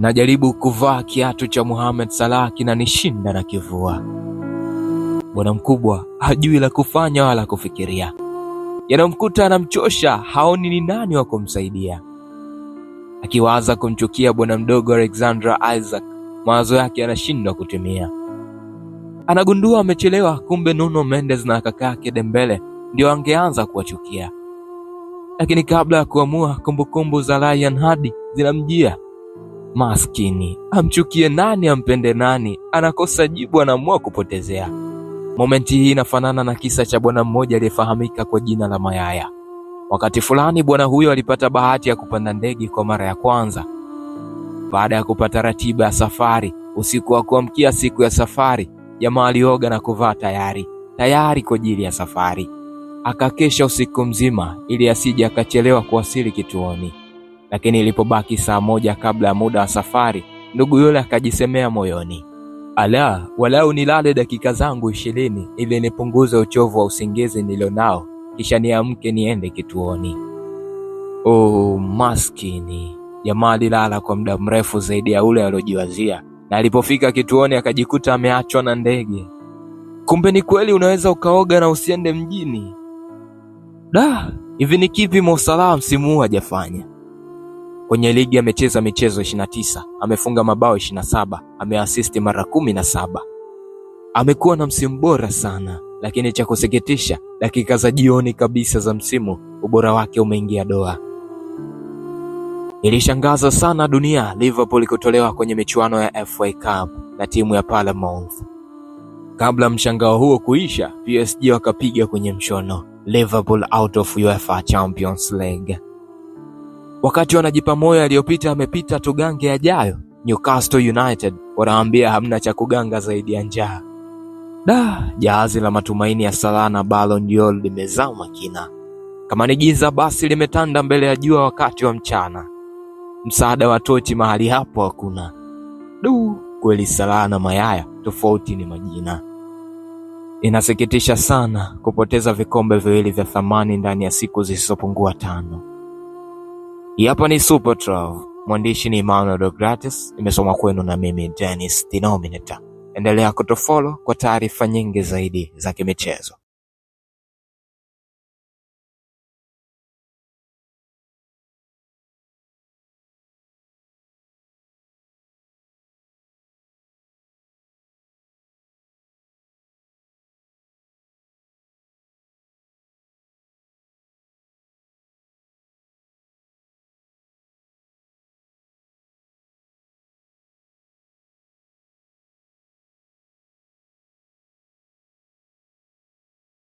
najaribu kuvaa kiatu cha Muhammad Salah kinanishinda na kivua. Bwana mkubwa hajui la kufanya wala kufikiria, yanamkuta anamchosha, haoni ni nani wa kumsaidia. Akiwaza kumchukia bwana mdogo Alexandra Isaac, mawazo yake yanashindwa kutimia. Anagundua amechelewa, kumbe Nuno Mendes na kaka yake Dembele ndio angeanza kuwachukia. Lakini kabla ya kuamua, kumbukumbu za Ryan Hadi zinamjia Maskini amchukie nani, ampende nani? Anakosa jibu, anaamua kupotezea. Momenti hii inafanana na kisa cha bwana mmoja aliyefahamika kwa jina la Mayaya. Wakati fulani bwana huyo alipata bahati ya kupanda ndege kwa mara ya kwanza. Baada ya kupata ratiba ya safari, usiku wa kuamkia siku ya safari, jamaa alioga na kuvaa tayari tayari kwa ajili ya safari. Akakesha usiku mzima ili asije akachelewa kuwasili kituoni lakini ilipobaki saa moja kabla ya muda wa safari, ndugu yule akajisemea moyoni, ala, walau nilale dakika zangu ishirini ili nipunguze uchovu wa usingizi nilionao, kisha niamke niende kituoni. Oh, maskini jamaa alilala kwa muda mrefu zaidi ya ule aliojiwazia, na alipofika kituoni akajikuta ameachwa na ndege. Kumbe ni kweli unaweza ukaoga na usiende mjini. Da, hivi ni kipi Mo Salah msimu huu hajafanya? Kwenye ligi amecheza michezo 29, amefunga mabao 27, ameasisti mara 17. Amekuwa na msimu bora sana, lakini cha kusikitisha, dakika za jioni kabisa za msimu ubora wake umeingia doa. Ilishangaza sana dunia Liverpool kutolewa kwenye michuano ya FA Cup na timu ya Plymouth. Kabla mshangao huo kuisha, PSG wakapiga kwenye mshono Liverpool out of UEFA Champions League. Wakati wanajipa moyo aliyopita amepita, tugange yajayo. Newcastle United wanaambia hamna cha kuganga zaidi ya njaa. Da, jahazi la matumaini ya Salah na Ballon d'Or limezama kina. Kama ni giza basi limetanda mbele ya jua wakati wa mchana. Msaada wa tochi mahali hapo hakuna. Du, kweli Salah na Mayaya tofauti ni majina. Inasikitisha sana kupoteza vikombe viwili vya thamani ndani ya siku zisizopungua tano. Hapa ni Super Trove, mwandishi ni Emmanuel gratis imesoma kwenu na mimi Dennis Dinominator. Endelea kutofollow kwa taarifa nyingi zaidi za kimichezo.